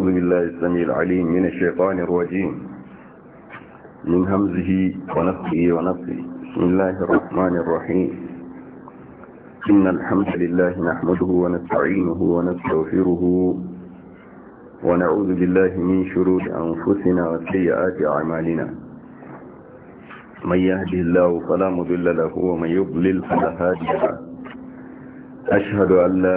أعوذ بالله السميع العليم من الشيطان الرجيم من همزه ونفسه ونفسه بسم الله الرحمن الرحيم إن الحمد لله نحمده ونستعينه ونستغفره ونعوذ بالله من شرور أنفسنا وسيئات أعمالنا من يهده الله فلا مضل له ومن يضلل فلا هادي له أشهد أن لا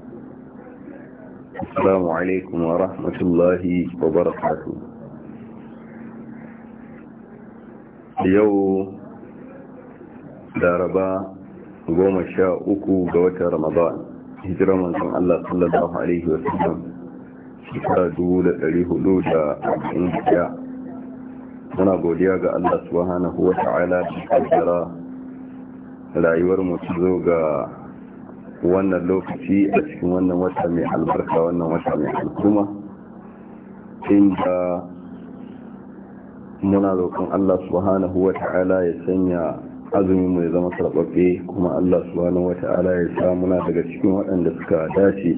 السلام عليكم ورحمة الله وبركاته يوم داربا قوم الشاء أكو قوة رمضان هجرة من الله صلى الله عليه وسلم shekara dubu da ɗari hudu da arba'in da muna godiya ga Allah subhanahu wa ta'ala da kaddara rayuwar mu zo ga wannan lokaci a cikin wannan wata mai albarka wannan wata mai alkuma inda muna roƙon Allah subhanahu wa ta'ala ya sanya azumi mai zama sarɓaɓɓe kuma Allah subhanahu wa ta'ala ya sa muna daga cikin waɗanda suka dace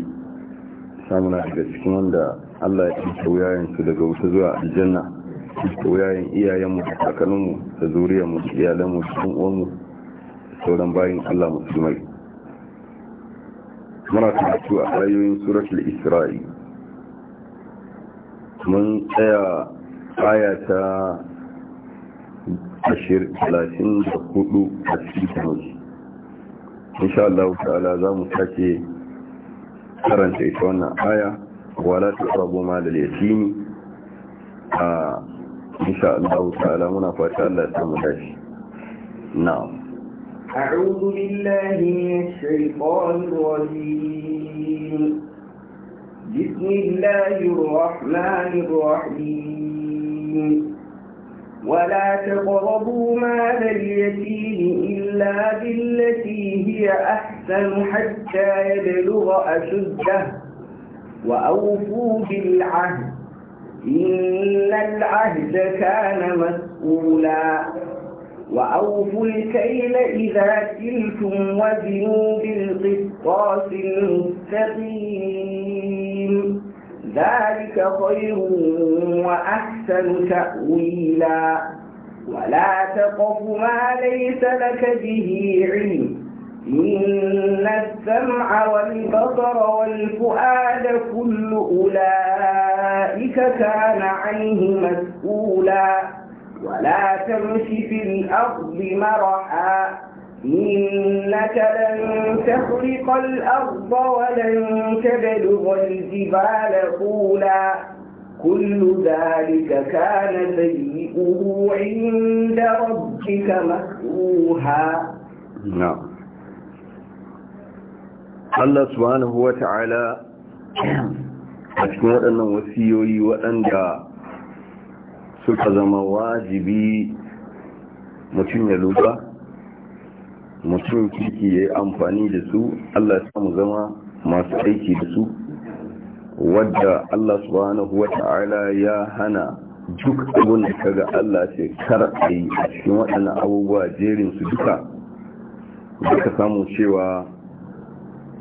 samuna daga cikin wanda Allah ya ɗauke wuyayensu daga wuta zuwa aljanna da wuyayen iyayenmu da kakanninmu da zuriyarmu da iyalanmu da uwanmu da sauran bayin Allah musulmai muna karatu a ayoyin suratul isra'i mun tsaya aya ta 34 a cikin insha Allah ta'ala za mu sake karanta ita wannan aya wala tuqrabu ma da yatim a ah, insha Allah ta'ala muna fata Allah ya samu dace na'am أعوذ بالله من الشيطان الرجيم بسم الله الرحمن الرحيم ولا تقربوا مال اليتيم إلا بالتي هي أحسن حتى يبلغ أشده وأوفوا بالعهد إن العهد كان مسؤولا وأوفوا الكيل إذا كلتم وزنوا بالقسطاس المستقيم ذلك خير وأحسن تأويلا ولا تقف ما ليس لك به علم إن السمع والبصر والفؤاد كل أولئك كان عنه مسؤولا ولا تمش في الأرض مرحا إنك لن تخرق الأرض ولن تبلغ الجبال طولا كل ذلك كان سيئه عند ربك مكروها نعم الله سبحانه وتعالى أشكر أنه وسيوي وأنجا suka zama wajibi mutum ya lura mutum kiki ya yi amfani da su allah ya samu zama masu aiki da su wadda allah subhanahu wa ta'ala ya hana duk abin da kaga allah ce kar a yi a cikin waɗannan abubuwa jerin su duka duka samu cewa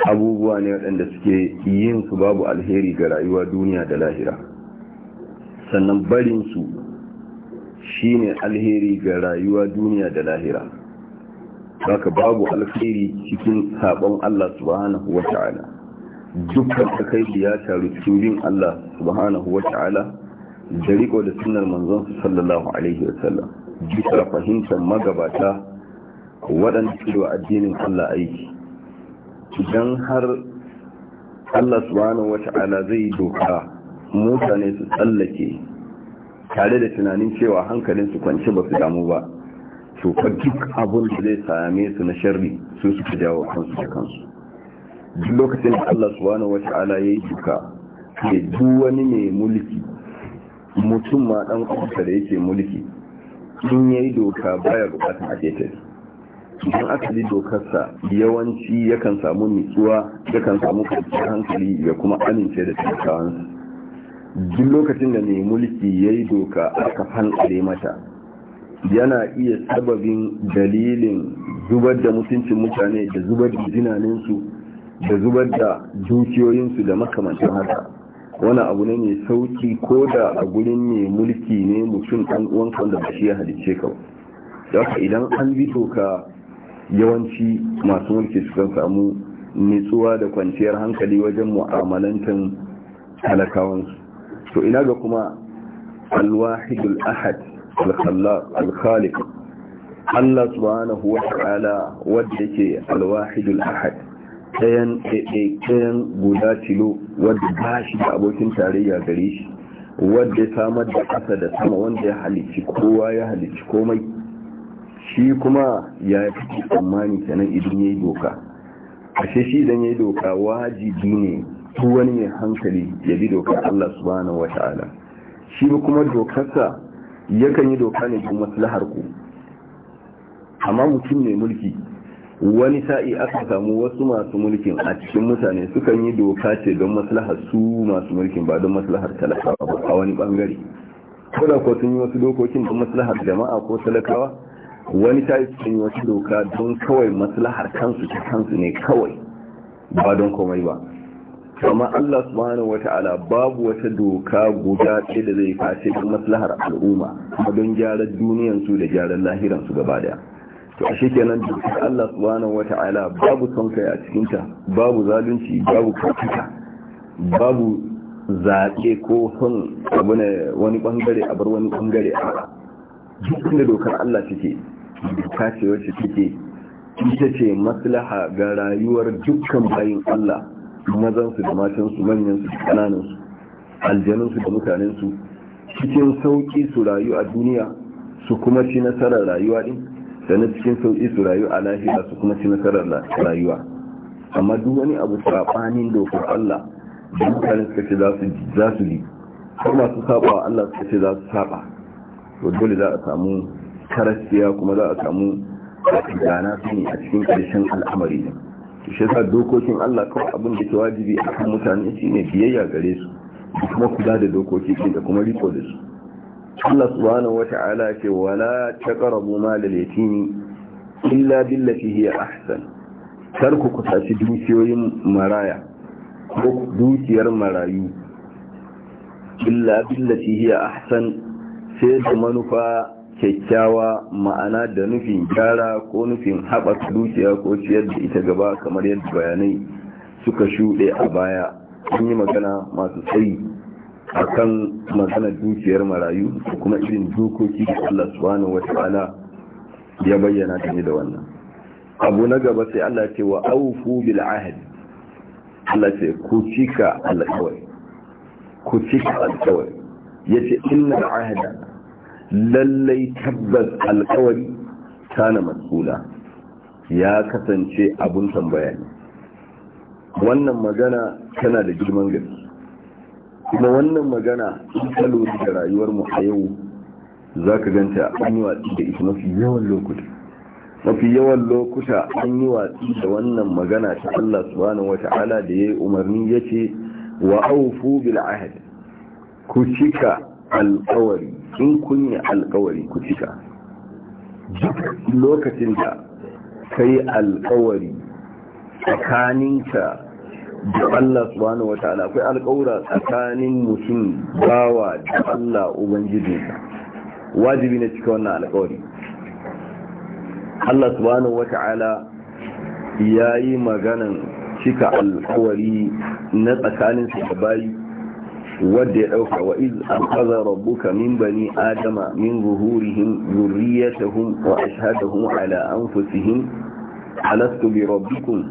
abubuwa ne waɗanda suke yin su babu alheri ga rayuwa duniya da lahira sannan barin su Shi ne alheri ga rayuwa duniya da lahira ka babu alheri cikin sabon Allah subhanahu wata'ala dukkan takaici ya taru cikin bin Allah subhanahu ta'ala) da riko da sunnar manzon su sallallahu alaihi wa wasallam bisa fahimtar magabata waɗanda cewa addinin Allah aiki idan har Allah subhanahu wata'ala zai doka mutane su tsallake tare da tunanin cewa hankalin su kwanci ba su damu ba to fa duk abun da zai same su na sharri su suka jawo kansu da kansu duk lokacin da Allah subhanahu ala ya yi duka ke duk wani mai mulki mutum ma dan kwamfuta da yake mulki in yayi doka baya bukatun a idan aka bi dokarsa yawanci yakan samu nutsuwa yakan samu kwanciyar hankali ya kuma amince da talakawansa duk lokacin da mai mulki ya yi doka aka fantsare mata yana iya sababin dalilin zubar da mutuncin mutane da zubar da jinaninsu da zubar da dukiyoyinsu da makamantar haka wani abu ne mai sauki ko da a gurin mai mulki ne mutum ɗan uwanka wanda ba shi ya halicce ka ba idan an bi doka yawanci masu mulki sukan samu nitsuwa da kwanciyar hankali wajen mu'amalantar talakawansu to ina ga kuma alwahidul ahad alkhaliq Allah subhanahu wa ta'ala wadda yake alwahidul ahad ɗayan ɗaiɗaiɗayan guda tilo wadda ba shi da abokin tarayya gare shi wadda ya samar da ƙasa da sama wanda ya halicci kowa ya halici komai shi kuma ya fi tsammani kenan idan ya yi doka ashe shi idan ya yi doka wajibi ne duk wani mai hankali ya bi dokar Allah subhanahu wa ta'ala shi kuma dokarsa yakan yi doka ne don maslahar ku amma mutum mai mulki wani sa'i aka samu wasu masu mulkin a cikin mutane sukan yi doka ce don maslahar su masu mulkin ba don maslahar talakawa ba a wani bangare ko da ko sun yi wasu dokokin don maslahar jama'a ko talakawa wani sa'i sun yi wasu doka don kawai maslahar kansu ta kansu ne kawai ba don komai ba kama Allah subhanahu ta'ala babu wata doka guda ɗaya da zai face da maslahar al'umma kuma don gyaran duniyan su da gyaran lahiran su gaba daya to ashe kenan dokar Allah subhanahu ta'ala babu son kai a cikin ta babu zalunci babu kafita babu zaɓe ko son abu ne wani bangare a bar wani bangare a duk inda dokar Allah take doka ce wacce take ita ce maslaha ga rayuwar dukkan bayin Allah mazansu da matansu manyansu da kananansu su da mutanensu cikin sauki su rayu a duniya su kuma ci nasarar rayuwa din na cikin sauki su rayu a lahira su kuma ci nasarar rayuwa amma duk wani abu sabanin dokar Allah da mutane suka ce za su yi ko masu saba Allah suka ce za su saba to dole za a samu karasiya kuma za a samu gana su ne a cikin karshen al'amari ne shi sa dokokin Allah kawai abin da ke wajibi a kan mutane shi ne biyayya gare su da kuma kula da dokoki da kuma riko da su Allah subhanahu wa ta'ala ce wala taqrabu mal al yatim illa billati hiya ahsan kar ku kusaci dukiyoyin maraya ko dukiyar marayu illa billati hiya ahsan sai da manufa kyakkyawa ma'ana da nufin gyara ko nufin haɓaka dukiya ko ciyar da ita gaba kamar yadda bayanai suka shuɗe a baya an yi magana masu tsayi a kan magana dukiyar marayu da kuma irin dukoki, da Allah subhanahu wata'ala ya bayyana ta da wannan abu na gaba sai Allah ce wa aufu bil ahad, Allah ce ku cika alƙawari ku cika alƙawari yace innal ahda lallai tabbas alkawari na matsula ya kasance abun tambaya ne wannan magana tana da girman gari. kuma wannan magana in kalo da da rayuwarmu a yau za ka ganta an yi watsi da ita mafi yawan lokuta mafi yawan lokuta an yi watsi da wannan magana ta Allah subhanahu ta'ala da ya yi umarni ya ce wa aufu bil ahad ku cika alkawari in kun yi alkawari ku cika duk lokacin da ka yi alkawari tsakaninka da Allah subhanahu wa ta'ala akwai alƙawura tsakanin mutum bawa da Allah ubangijinsa wajibi na cika wannan alƙawari Allah subhanahu wa ta'ala ya yi maganan cika alkawari na tsakaninsa da bayi wadda ya ɗauka wa iz akhadha rabbuka min bani adama min zuhurihim dhurriyyatahum wa ashhadahum ala anfusihim alastu bi rabbikum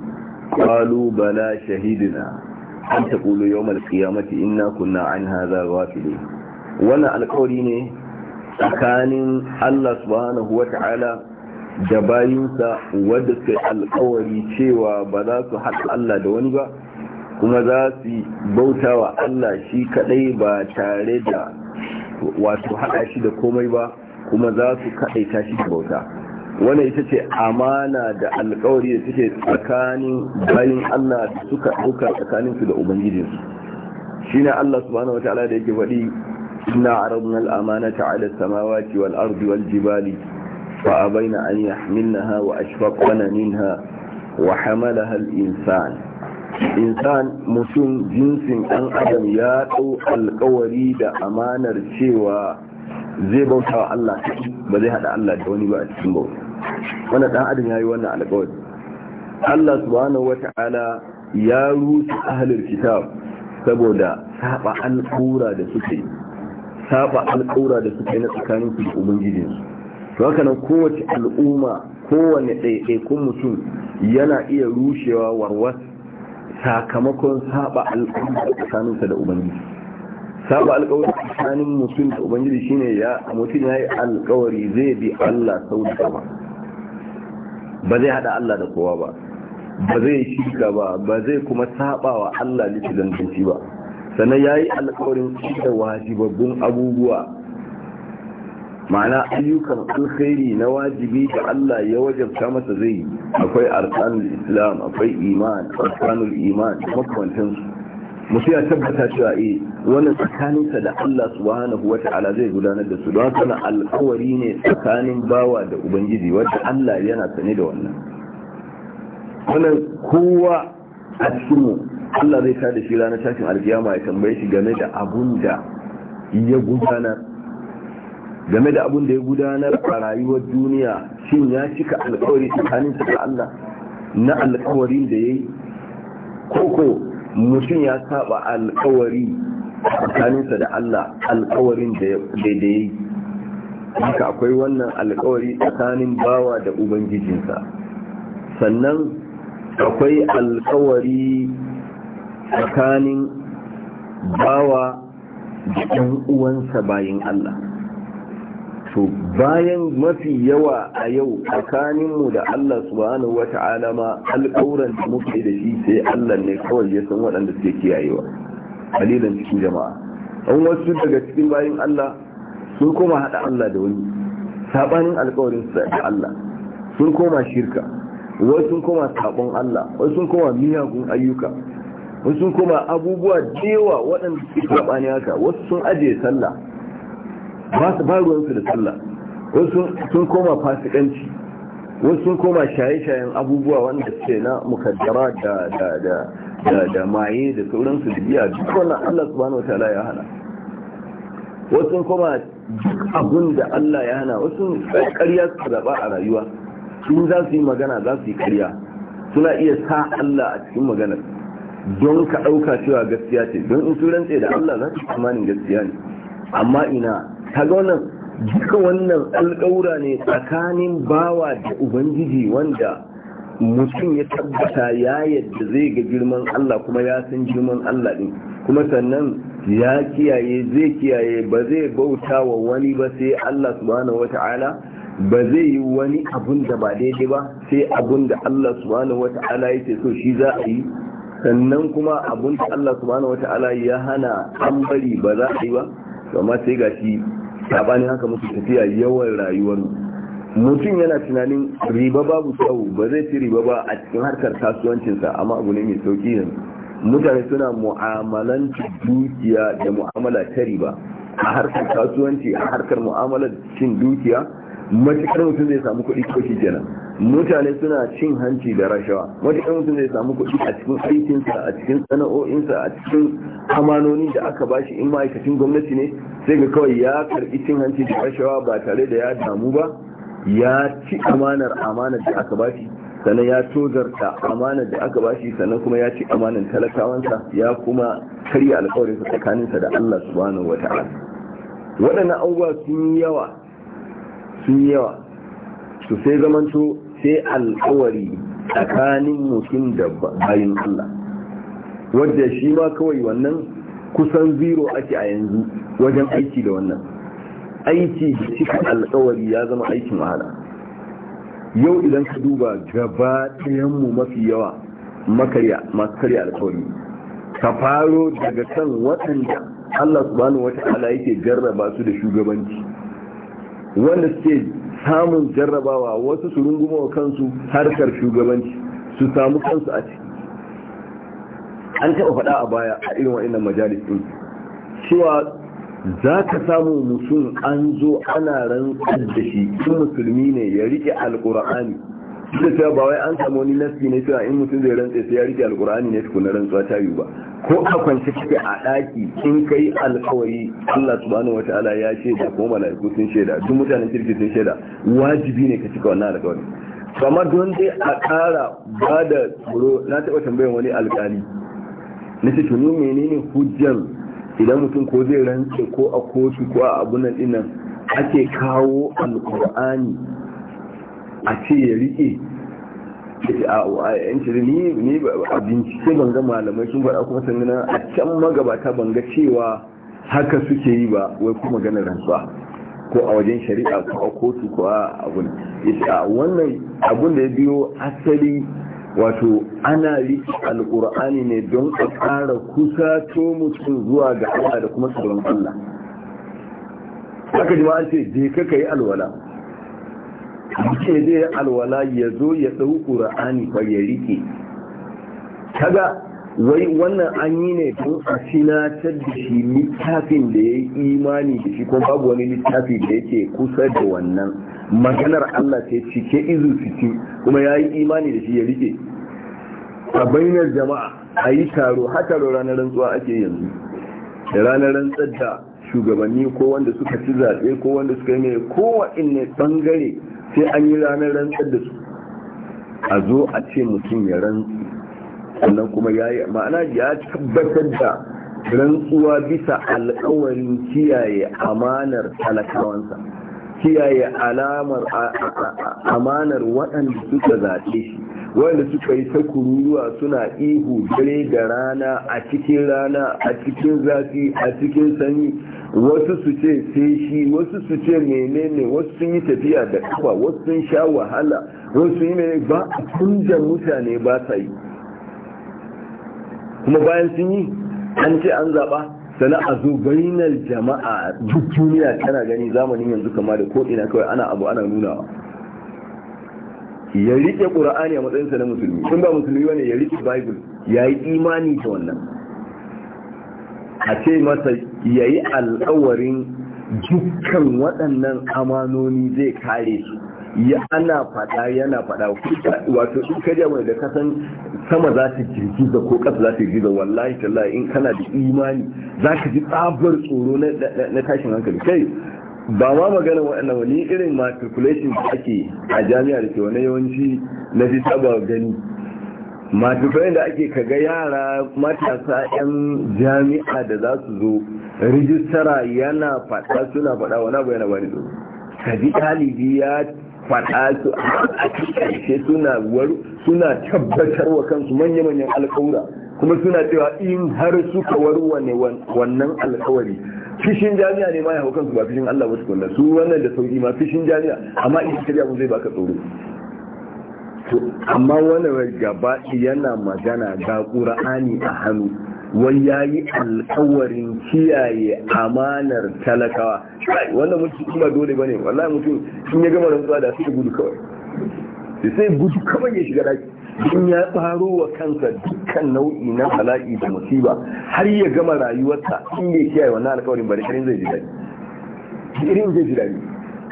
qalu bala shahidna an taqulu yawm al-qiyamati inna kunna an hadha ghafilin wannan alƙawari ne tsakanin Allah subhanahu wata'ala da bayinsa wadda suka alkawari cewa ba za su haɗa Allah da wani ba kuma za su bauta wa Allah shi kadai ba tare da wato haɗa shi da komai ba kuma za su kaɗaita shi da bauta wannan ita ce amana da alkawari da suke tsakanin bayin Allah da suka ɗauka tsakanin su da ubangijinsu shine Allah subhanahu wataala da yake faɗi inna aradna al-amanata 'ala as-samawati wal ardi wal jibali fa abaina an yahmilnaha wa ashfaqna minha wa hamalaha al-insan insan mutum jinsin ɗan adam ya ɗau alkawari da amanar cewa zai bauta wa Allah ba zai haɗa Allah da wani ba a cikin bauta wanda ɗan adam ya yi wannan alkawari Allah subhanahu wa ta'ala ya rusa ahalar kitab saboda saba alƙura da suke saba alƙura da suke na tsakanin su da ubangijinsu to haka nan kowace al'umma kowane ɗaiɗaikun mutum yana iya rushewa warwas sakamakon saba alƙawari tsakaninsa da ubangiji saba alƙawari tsakanin mutum da ubangiji shine ya mutum ya yi alƙawari zai bi Allah sau da ba ba zai hada Allah da kowa ba ba zai shirka ba ba zai kuma saba wa Allah litilin ba sannan ya yi alƙawarin da wajibabbin abubuwa ma'ana ayyukan alkhairi na wajibi da Allah ya wajabta masa zai akwai arkanul islam akwai iman arkanul iman makamantan su musu ya tabbata cewa eh Wani tsakaninsa da Allah subhanahu wa ta'ala zai gudanar da su don haka alkawari ne tsakanin bawa da ubangiji wanda Allah yana sane da wannan wannan kowa a cikin Allah zai tada shi ranar tashin alkiyama ya tambaye shi game da abun da ya gudanar game da abin da ya gudanar a rayuwar duniya shin ya cika alkawari tsakanin da Allah na alkawarin da ya yi koko mutum ya saba alkawari tsakaninsa da Allah alkawarin da ya yi haka akwai wannan alkawari tsakanin bawa da ubangijinsa sannan akwai alkawari tsakanin bawa da ɗan uwansa bayin Allah to bayan mafi yawa a yau tsakaninmu da Allah subhanahu wa ta'ala ma alƙawuran da muke da shi sai Allah ne kawai ya san waɗanda suke kiyayewa kalilan cikin jama'a an wasu daga cikin bayan Allah sun koma haɗa Allah da wani Saɓanin alƙawarin su da Allah sun koma shirka wasu sun koma saɓon Allah wasu sun koma miyagun ayyuka wasu sun koma abubuwa da yawa waɗanda suke saɓani haka wasu sun ajiye sallah ba su ba ruwansu da sallah wasu sun koma fasikanci wasu sun koma shaye-shayen abubuwa wanda ce na mukaddara da da da maye da sauransu da biya duk wannan Allah subhanahu wataala ya hana wasu sun koma duk abun da Allah ya hana wasu sun karya su zaba a rayuwa sun za su yi magana za su yi karya. suna iya sa Allah a cikin magana don ka ɗauka cewa gaskiya ce don in turance da Allah za su tsammanin gaskiya ne amma ina kaga wannan duka wannan alƙawura ne tsakanin bawa da ubangiji wanda mutum ya tabbata ya yadda zai ga girman Allah kuma ya san girman Allah ɗin kuma sannan ya kiyaye zai kiyaye ba zai bauta wa wani ba sai Allah subhanahu wata'ala ba zai yi wani abun da ba daidai ba sai abun da Allah subhanahu wata'ala ce so shi za a yi sannan kuma abun da Allah subhanahu wata'ala ya hana an bari ba za a yi ba amma sai gashi sabani haka muke tafiya yawan rayuwar mutum yana tunanin riba babu tsawo ba zai ci riba ba a cikin harkar kasuwancinsa amma abu ne mai sauki yanzu mutane suna mu'amalan dukiya da mu'amala ta riba a harkar kasuwanci a harkar mu'amalar cin dukiya matuƙar mutum zai samu kuɗi ko shi kenan mutane suna cin hanci da rashawa matuƙar mutum zai samu kuɗi a cikin aikinsa a cikin sana'o'insa a cikin amanoni da aka bashi in ma'aikacin gwamnati ne sai ga kawai ya karɓi cin hanci da rashawa ba tare da ya damu ba ya ci amanar amanar da aka bashi sannan ya tozarta amanar da aka bashi sannan kuma ya ci amanar talakawansa ya kuma karya alkawarinsa tsakaninsa da Allah subhanahu ta'ala waɗannan abubuwa sun yi yawa sun yawa su sai zamanto sai alkawari tsakanin mutum da bayin Allah wadda shi ma kawai wannan kusan zero ake a yanzu wajen aiki da wannan aiki da cika alkawari ya zama aikin wahala yau idan ka duba gaba mu mafi yawa makarya masu karya alkawari ka faro daga kan waɗanda Allah subhanahu ala yake jarraba su da shugabanci wanda suke samun jarrabawa wasu su runguma wa kansu harkar shugabanci su samu kansu a ciki an taɓa faɗa a baya a irin wa'annan majalis ɗin cewa za ka samu mutum an zo ana rantsar da shi in musulmi ne ya riƙe alƙur'ani da cewa ba wai an samu wani nasi ne cewa in mutum zai rantse sai ya rike alkur'ani ne tukuna rantsuwa ta yiwu ba ko a kwance kike a daki in kai alkawari Allah subhanahu wataala ya shaida ko mala'iku sun shaida duk mutanen kirki sun shaida wajibi ne ka cika wannan alkawari kamar don dai a kara ba da tsoro na taɓa tambayan wani alƙali na ce tuni menene hujjar idan mutum ko zai rantse ko a kotu ko a abunan dinnan ake kawo alkur'ani a ce ya rike yanci ni ne a bincike banga malamai sun faɗa kuma sannan a can magabata ban ga cewa haka suke yi ba wai kuma ganin rantsuwa ko a wajen shari'a ko a kotu ko a abun a wannan abun da ya biyo asali wato ana riƙe alƙur'ani ne don a ƙara kusato mutum zuwa ga Allah da kuma tsoron Allah haka ji ma an ce je ka yi alwala ce zai alwala ya zo ya ɗau ƙura'ani ba ya rike kaga wai wannan an yi ne don a sinatar da shi littafin da ya yi imani da shi kuma babu wani littafi da yake kusa da wannan maganar Allah ce cike izu ciki kuma ya yi imani da shi ya rike a bainar jama'a a yi taro haka taro ranar rantsuwa ake yanzu da ranar rantsar da shugabanni ko wanda suka ci zaɓe ko wanda suka yi mai kowanne bangare sai an yi ranar rantsar da su a zo a ce mutum ya rantsu sannan kuma ya yi ma'ana ya tabbatar da rantsuwa bisa alkawarin kiyaye amanar talakawansa kiyaye alamar amanar waɗanda suka zaɓe shi waɗanda suka yi ta kururuwa suna ihu dare da rana a cikin rana a cikin zafi a cikin sanyi wasu su ce shi wasu su ce menene wasu sun yi tafiya da kafa wasu sun sha wahala wasu sun yi mene ba a kunjan mutane ba sa yi kuma bayan sun yi an ce an zaɓa sana a zo bainar jama'a duk duniya tana gani zamanin yanzu kama da ko'ina kawai ana abu ana nunawa ya riƙe ƙura'ani a matsayinsa na musulmi in ba musulmi wani ya rike bible ya yi imani ta wannan a ce masa ya yi alkawarin dukkan waɗannan amanoni zai kare su ya ana fada yana fada wato in ka mai da kasan sama za ta girgiza ko kasa za ta girgiza wallahi tallahi in kana da imani za ka ji tsabar tsoro na tashin hankali kai ba ma magana waɗannan wani irin matriculation da ake a jami'a da ke wani yawanci na fi taba gani matriculation da ake kaga yara matasa 'yan jami'a da za su zo rijistara yana faɗa suna fada wani abu yana bani tsoro ka ji ɗalibi ya faɗa su suna suna tabbatar wa kansu manya-manyan alkawura kuma suna cewa in har suka warwane wannan alkawari fishin jami'a ne ma ya hau kansu ba fishin Allah wasu kwallo su wannan da sauki ma fishin jami'a amma in shirya mu zai baka tsoro amma wani gaba yana magana ga ƙura'ani a hannu wai ya yi alkawarin kiyaye amanar talakawa wannan mutum ba dole ba ne wallahi mutum sun ya gama rantsuwa da su gudu kawai sai gudu kawai ya shiga daki in ya tsaro wa kansa dukkan nau'i na bala'i da musiba har ya gama rayuwarsa in ya kiyaye wannan alkawarin ba da irin zai ji daɗi irin zai ji daɗi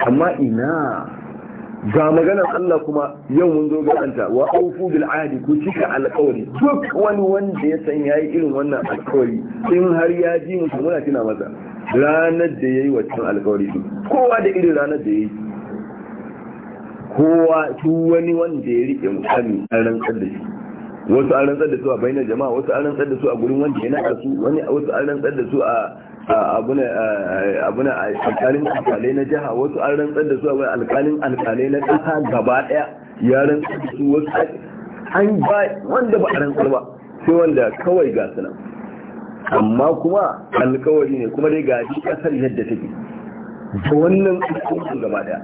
amma ina ga maganar Allah kuma yau mun zo ga anta wa aufu bil ahdi ku cika alƙawari duk wani wanda ya san yayi irin wannan alƙawari in har ya ji mu muna tuna masa ranar da yayi wannan alƙawari din kowa da irin ranar da yayi kowa duk wani wanda ya rike mukami an rantsar da shi wasu an rantsar da su a bainar jama'a wasu an rantsar da su a gurin wanda ya naɗa su wani wasu an rantsar da su a abuna alkalin alkalai na jiha wasu an rantsar da su a wani alkalin alkalai na ƙasa gaba ɗaya ya rantsar da su wasu an ba wanda ba a rantsar ba sai wanda kawai ga su amma kuma alkawari ne kuma dai ga shi ƙasar yadda take da wannan ƙasar gaba ɗaya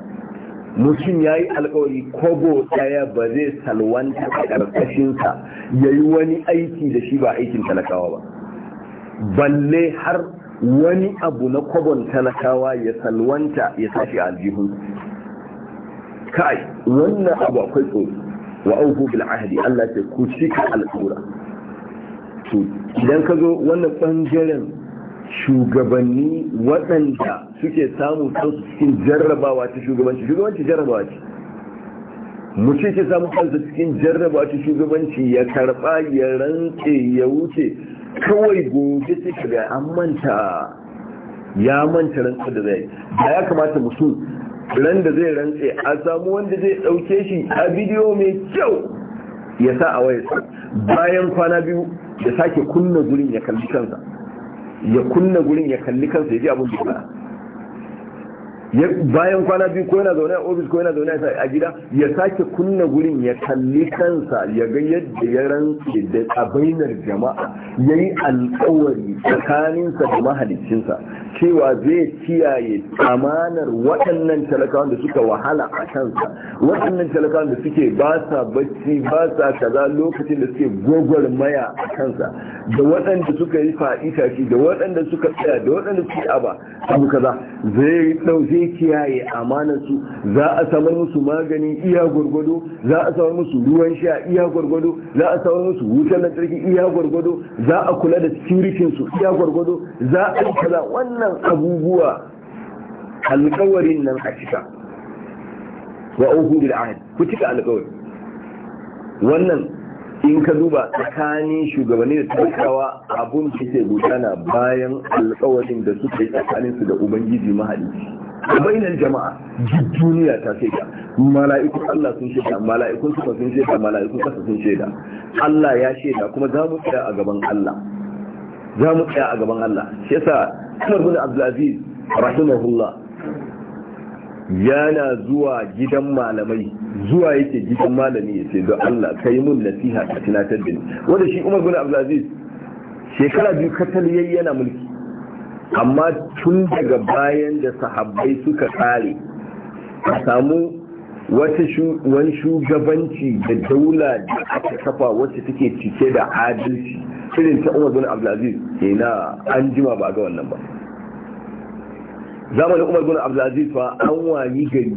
mutum ya yi alkawari kogo ɗaya ba zai salwanta a ƙarƙashinsa ya yi wani aiki da shi ba aikin talakawa ba balle har wani abu na kwabon talakawa ya salwanta ya tashi aljihun kai wannan abu akwai tsoro wa auhu bil ahdi Allah ce ku cika al'ura to idan ka zo wannan bangaren shugabanni waɗanda suke samu kansu cikin jarrabawa ta shugabanci shugabanci jarrabawa ce ce ke samu kansa cikin jarrabawa ta shugabanci ya karba, ya rantse ya wuce kawai gobe sai shiga an manta ya manta rantsar da zai da ya kamata mutum ran da zai rantse a samu wanda zai dauke shi a bidiyo mai kyau ya sa a wayarsa bayan kwana biyu ya sake kunna gurin ya kalli kansa ya kunna gurin ya kalli kansa ya ji abin da bayan kwana biyu ko yana zaune a ofis ko yana zaune a gida ya sake kunna gurin ya kalli kansa ya ga yadda ya rantse da abainar jama'a ya yi alkawari tsakaninsa da mahalicinsa cewa zai kiyaye amanar waɗannan talakawan da suka wahala a kansa waɗannan talakawan da suke ba sa bacci ba sa kaza lokacin da suke maya a kansa da waɗanda suka yi fa'ita shi da waɗanda suka tsaya da waɗanda suke aba abu kaza zai kiyaye amanarsu za a samar musu magani iya gwargwado za a samar musu ruwan sha iya gwargwado za a samar musu wutar lantarki iya gwargwado za a kula da su iya gwargwado za a kaza wannan abubuwa alkawarin nan a cika wa uhu bil ahd ku cika alkawari wannan in ka duba tsakanin shugabanni da talakawa abun da ke gudana bayan alkawarin da suka yi tsakaninsu da ubangiji mahalici a bainar jama'a duk duniya ta shaida mala'ikun Allah sun shaida mala'ikun suka sun shaida mala'ikun kasa sun shaida Allah ya shaida kuma za mu tsaya a gaban Allah za mu tsaya a gaban Allah shi yasa Umar bin Abdulaziz rahimahullah yana zuwa gidan malamai zuwa yake gidan malami ya ce don Allah kai mun nasiha ka tunatar da ni wanda shi Umar bin Abdulaziz shekara biyu katal yayi yana mulki amma tun daga bayan da sahabbai suka kare a samu wani shugabanci da daula da aka kafa wacce take cike da adalci irin ta umar bin abdulaziz ke na an jima ba ga wannan ba zamanin umar bin abdulaziz fa an wani gari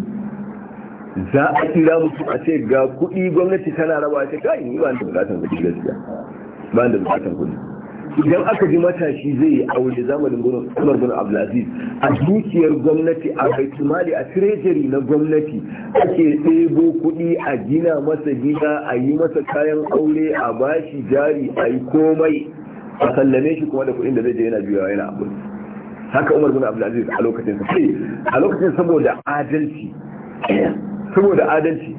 za a kira mutum a ce ga kuɗi gwamnati tana rawa ta kai ni ba da bukatan kuɗi gaskiya ba da bukatan kuɗi idan aka ji matashi zai yi aure zamanin gudun umar bin abdulaziz a dukiyar gwamnati a haitimali a treasury na gwamnati ake ɗebo kuɗi a gina masa gida a yi masa kayan aure a bashi jari a yi komai a sallame shi kuma da kuɗin da zai je yana juyawa yana abu haka umar bin abdulaziz a lokacin sa a lokacin saboda adalci saboda adalci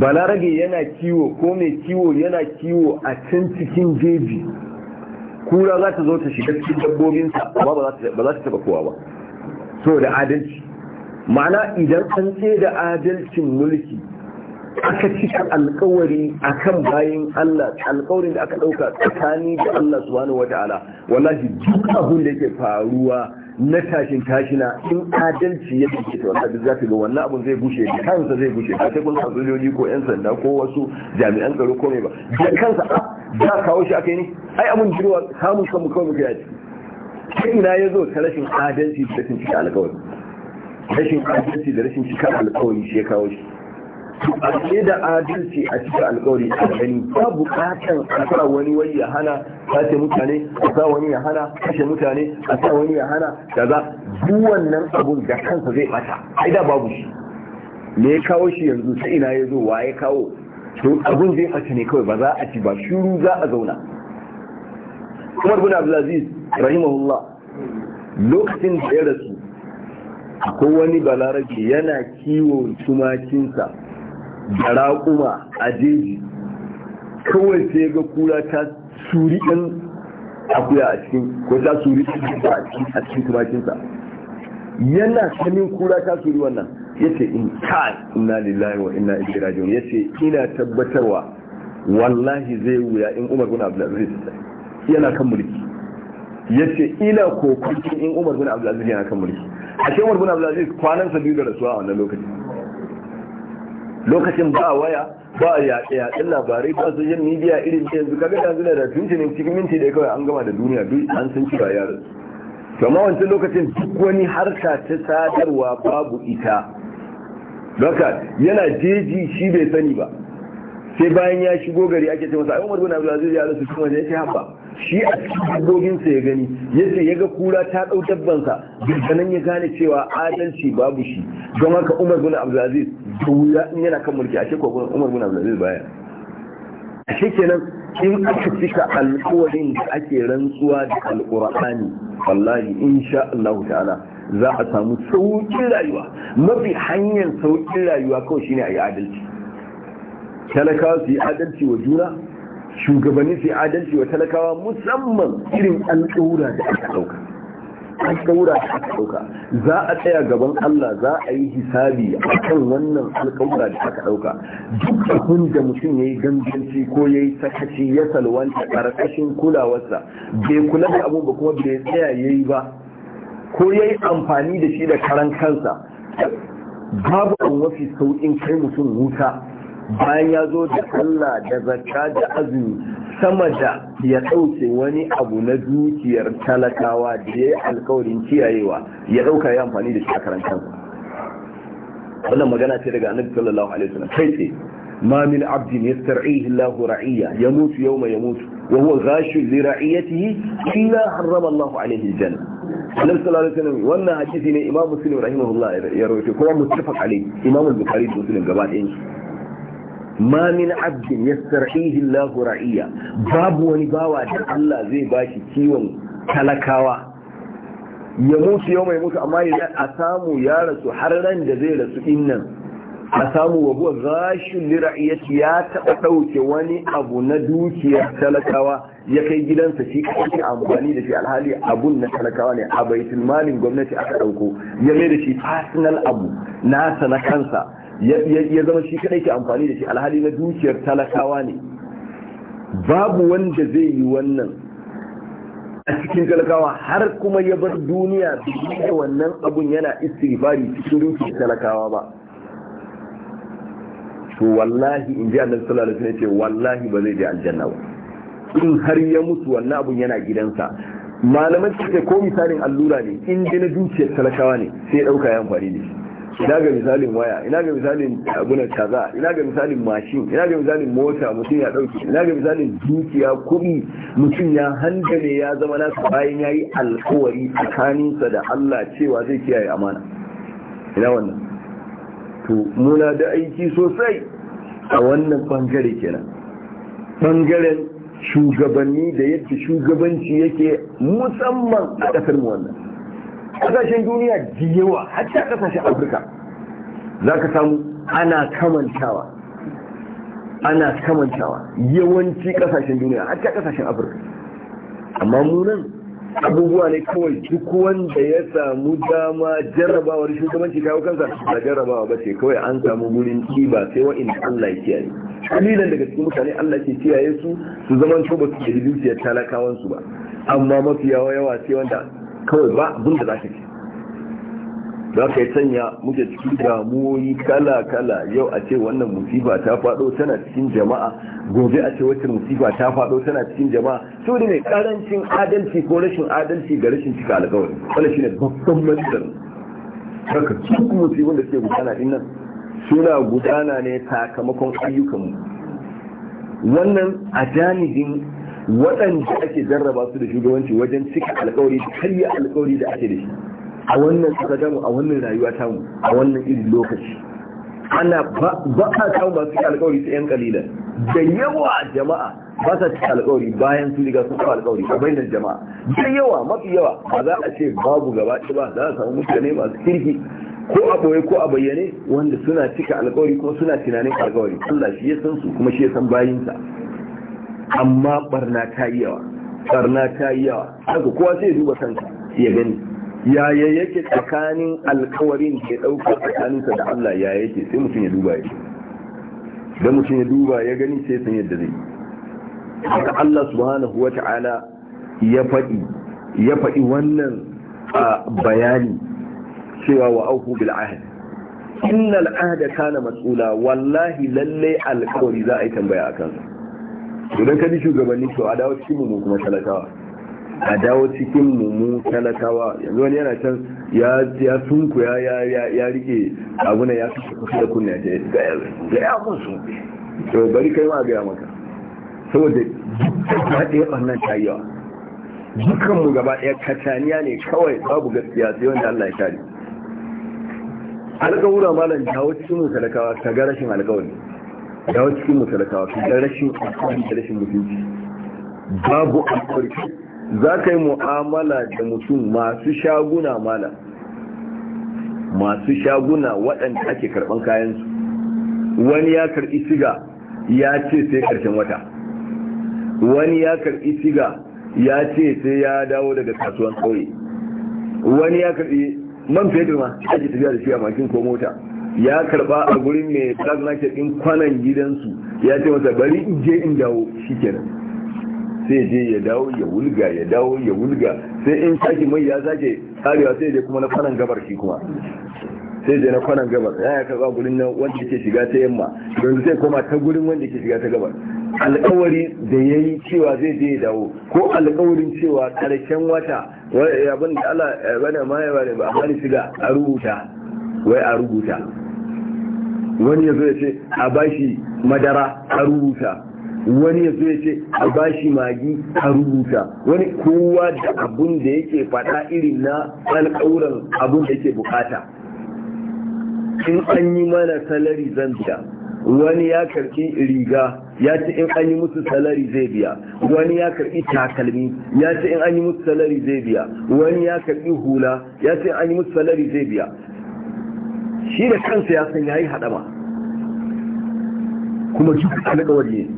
balarage yana kiwo ko mai kiwo yana kiwo a can cikin jeji kura za ta zo ta shiga cikin dabbobinsa ba ba za ta taba kowa ba so da adalci ma'ana idan an ce da adalcin mulki aka cika alkawari akan bayin Allah alkawarin da aka dauka tsakani da Allah subhanahu wataala wallahi duk abin da yake faruwa na tashin tashina in adalci ya dace to wallahi za ga wannan abin zai bushe da kansa zai bushe a cikin kun sojoji ko yan sanda ko wasu jami'an tsaro ko me ba da kansa ah, a za kawo shi akai ne ai abin jirwa samun kanmu kawai muke yaji ta ina ya zo ta rashin adalci da rashin cika alkawari rashin adalci da rashin cika alkawari shi ya kawo shi a da adalci a cikin alkawari a gani ba bukatan a sa wani wani ya hana kashe mutane a sa wani ya hana kashe mutane a sa wani ya hana kaza duk wannan abun da kansa zai bata ai da babu shi me ya kawo shi yanzu Sai ina ya zo wa ya kawo to abun zai bata ne kawai ba za a ci ba shiru za a zauna Umar bin Abdulaziz rahimahullah lokacin da ya rasu akwai wani balarabe yana kiwon tumakinsa da raƙuma a jeji kawai sai ga kura ta suri ɗin akuya a cikin ko ta suri a cikin tumakinsa yana kanin kura ta suri wannan ya ce in ta ina lillahi wa ina ibi rajiun ya ce ina tabbatarwa wallahi zai wuya in umar bin abdulaziz yana kan mulki ya ce ina kokokin in umar bin abdulaziz yana kan mulki a ce umar bin abdulaziz kwanan sa biyu da rasuwa a wannan lokacin lokacin ba waya ba yaɗe-yaɗen labarai ba su yin midiya irin ta yanzu kaga yanzu da tuntunin cikin minti da kawai an gama da duniya duk an san kira yaran kama wancan lokacin duk wani harka ta sadarwa babu ita Raka yana jeji shi bai sani ba sai bayan ya shigo gari ake ce masa ai Umar da zai yi ya rasu kuma ya ce haba shi a cikin dabbobinsa ya gani yace ya ga kura ta ɗau dabbansa nan ya gane cewa adalci babu shi don haka umar bin abdulaziz da wuya in yana kan mulki ashe ko umar bin abdulaziz baya ashe kenan in aka cika alƙawarin da ake rantsuwa da alƙur'ani wallahi insha Allah ta'ala za a samu sauƙin rayuwa mafi hanyar sauƙin rayuwa kawai shine a yi adalci talakawa su yi adalci wa juna shugabanni sai adalci wa talakawa musamman irin alƙawura da aka ɗauka da aka dauka za a tsaya gaban Allah za a yi hisabi a kan wannan alƙawura da aka ɗauka duk abin da mutum yayi yi ko yayi yi sakaci ya salwanta ƙarƙashin kulawarsa bai kula da abu ba kuma bai tsaya ya ba ko yayi amfani da shi da karan kansa babu an sauƙin kai mutum wuta bayan ya zo da Allah da zakka da azumi sama da ya ɗauke wani abu na dukiyar talakawa da ya yi alkawarin kiyayewa ya ɗauka ya amfani da shi a karantar wannan magana ce daga annabi sallallahu alaihi wasallam kai ce ma min abdin yastar'ihi Allahu ra'iyya yamutu yawma yamutu wa huwa ghashu li ra'iyatihi illa harrama Allahu alaihi aljanna annabi sallallahu alaihi wasallam wannan hadisi ne imam muslim rahimahullah ya rawaito kuma muttafaq alaihi imam al-bukhari da muslim gaba ɗayan ma min abdin yastarhihi Allah ra'iya babu wani bawa da Allah zai bashi kiwon talakawa ya mutu yau mai mutu amma a samu ya rasu har ran da zai rasu innan a samu wa buwa zashin lira'iyyaci ya taba ɗauke wani abu na dukiyar talakawa ya kai gidansa shi kake amfani da shi alhali abun na talakawa ne a baitul malin gwamnati aka ɗauko ya mai da shi personal abu nasa na kansa ya zama shi kadai ke amfani da shi alhali na dukiyar talakawa ne babu wanda zai yi wannan a cikin talakawa har kuma ya bar duniya da wannan abun yana istighfari cikin dukiyar talakawa ba to wallahi in ji annabi sallallahu alaihi wasallam ce wallahi ba zai je aljanna ba in har ya mutu wannan abun yana gidansa malaman ce ko misalin allura ne in ji na dukiyar talakawa ne sai ya dauka ya amfani da shi ina ga misalin waya ina ga misalin abuna kaza ina ga misalin mashin ina ga misalin mota mutum ya dauki ina ga misalin dukiya kuɗi mutum ya handale ya zama nasa bayan yayi alkawari tsakaninsa da Allah cewa zai kiyaye amana ina wannan to muna da aiki sosai a wannan bangare kenan bangaren shugabanni da yadda shugabanci yake musamman a kasar mu wannan kasashen duniya da yawa hatta kasashen afirka za ka samu ana kamantawa ana kamantawa yawanci kasashen duniya hatta kasashen afirka amma munan abubuwa ne kawai duk wanda ya samu dama jarrabawar shugabanci kawo kansa da jarrabawa ba ce kawai an samu gurin ba sai wa'in Allah ya kiyaye kalilan daga cikin mutane Allah ke kiyaye su su zaman to ba su da talakawan talakawansu ba amma mafi yawa yawa sai wanda kawai ba abin da za ka ce za ka yi sanya muke cikin damuwoyi kala-kala yau a ce wannan musiba ta faɗo tana cikin jama'a gobe a ce wacce musiba ta faɗo tana cikin jama'a so ne mai karancin adalci ko rashin adalci ga rashin cika alkawari wanda shi ne babban matsalar haka cikin musibin da suke gudana din nan suna gudana ne sakamakon ayyukanmu wannan a waɗanda ake jarraba su da shugabanci wajen cika alkawari da karya alkawari da ake da shi a wannan ƙasa a wannan rayuwa ta mu a wannan irin lokaci ana ba a samu masu cika alkawari ta 'yan kalila da yawa jama'a ba sa cika alkawari bayan su riga sun kawo alkawari a bainar jama'a da yawa mafi yawa ba za a ce babu gaba ba za a samu mutane masu kirki ko a ɓoye ko a bayyane wanda suna cika alkawari ko suna tunanin alkawari Allah shi ya san su kuma shi ya san bayinsa amma barna ta yi yawa barna ta yi yawa haka kowa sai duba kanka. ya gani yaya yake tsakanin alkawarin da ya dauka tsakaninsa da Allah ya yake sai mutum ya duba ya da mutum ya duba ya gani sai san yadda zai haka Allah subhanahu wata'ala ya faɗi ya faɗi wannan bayani cewa wa auku bil ahd innal ahda kana mas'ula wallahi lalle alkawari za a yi tambaya akan sa idan ka ji shugabanni to a dawo cikin mu kuma talakawa a dawo cikin mu mu talakawa yanzu wani yana can ya ya sunku ya ya ya ya rike abuna ya kashe kusa da kunne ta ga ya ya mun su to bari kai ma ga maka saboda ba da yawan nan ta yawa dukan mu gaba ɗaya kataniya ne kawai babu gaskiya sai wanda Allah ya kare alƙawura malam jawo cikin mu talakawa ta ga rashin alƙawari dawo cikin mutalakawa su dan rashin alƙawari da rashin mutunci babu alƙawari za ka yi mu'amala da mutum masu shaguna mala masu shaguna waɗanda ake karɓan kayansu wani ya karɓi siga ya ce sai ƙarshen wata wani ya karɓi siga ya ce sai ya dawo daga kasuwan ƙauye wani ya karɓi man fetur ma ake tafiya da shi a makin ko mota ya karba a gurin mai black market din kwanan gidansu ya ce masa bari in je in dawo shikenan sai je ya dawo ya wulga ya dawo ya wulga sai in saki mai ya sake karewa sai je kuma na kwanan gabar shi kuma sai je na kwanan gabar ya ya karba gurin nan wanda ke shiga ta yamma don sai koma ta gurin wanda ke shiga ta gabar alkawari da ya yi cewa zai je ya dawo ko alkawarin cewa karshen wata wani abin da Allah eh, bane ma ya bani ba amma shiga a rubuta wai a rubuta wani ya zo ya ce a bashi madara a rubuta wani ya zo ya ce a bashi magi a rubuta wani kowa da abun da yake faɗa irin na alƙawuran abun da yake bukata in an yi mana salari zan biya wani ya karki riga ya ce in an yi musu salari zai biya wani ya karbi takalmi ya ce in an yi musu salari zai biya wani ya karbi hula ya ce in an yi musu salari zai biya shi da kansa ya san yayi hadama kuma duk alƙawari ne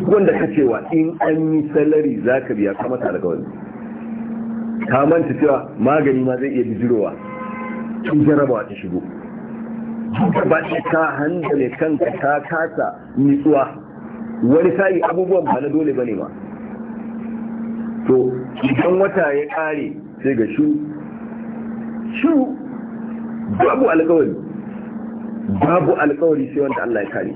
duk wanda ka cewa in an yi salari zaka biya ka mata alƙawari ka manta cewa magani ma zai iya bijirowa tun jaraba ta shigo ba ce ka ne kanka ta kasa nitsuwa wani sa'i abubuwan ba na dole bane ba to idan wata ya kare sai ga shu shu babu alkawari babu alkawari sai wanda Allah ya kare